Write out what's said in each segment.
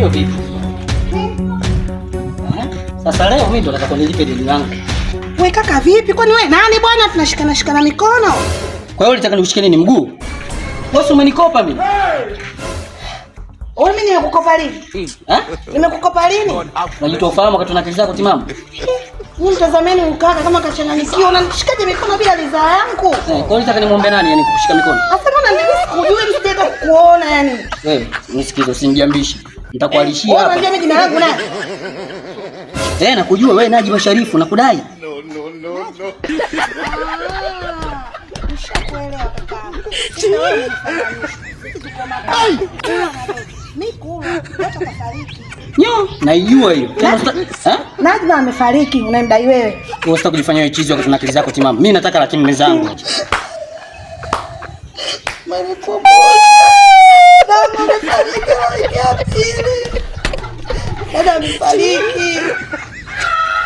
hiyo vipi? Eh? Sasa leo mimi ndo nataka nilipe deni langu. Wewe kaka vipi? Kwani wewe nani bwana tunashikana shikana mikono? Kwa hiyo unataka nikushike nini mguu? Bosi umenikopa mimi. Wewe mimi nimekukopa lini? Eh? eh? Nimekukopa lini? Unajitoa ufahamu wakati una akili zako timamu. Mimi mtazameni ukaka kama kachanganikiwa unanishikaje mikono bila ridhaa yangu? Eh, kwa hiyo unataka nimwombe nani yani kukushika mikono? Asema na mimi nani? Eh, eh, wewe nisikize, usiniambishi. Nitakualishia hapa. Wewe unajua jina langu nani? Eh, nakujua wewe Najma Sharifu nakudai. No no no no. Nyo, naijua hiyo. Najma eh? amefariki, unamdai wewe. Wewe Unataka kujifanya wewe chizi wakati una akili zako timamu. Mimi nataka lakini mezangu. nifariki.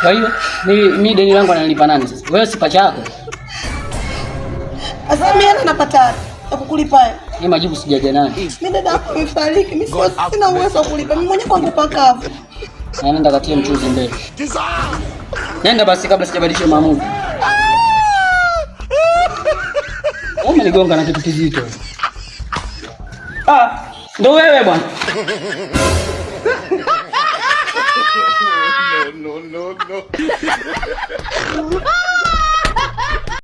Kwa hiyo mi deni langu analipa nani sasa? Wewe si pacha yako. Sasa mimi ana napata ya kukulipa. Ni majibu sijaja nani. Mimi dada yako amefariki. Mimi sina uwezo wa kulipa. Mimi mwenyewe kwangu pakavu. Nenda katie mchuzi mbele. Nenda basi kabla sijabadilisha maamuzi. Ah! Umenigonga na kitu kizito. Ah, ndo wewe bwana. Michael. Ah!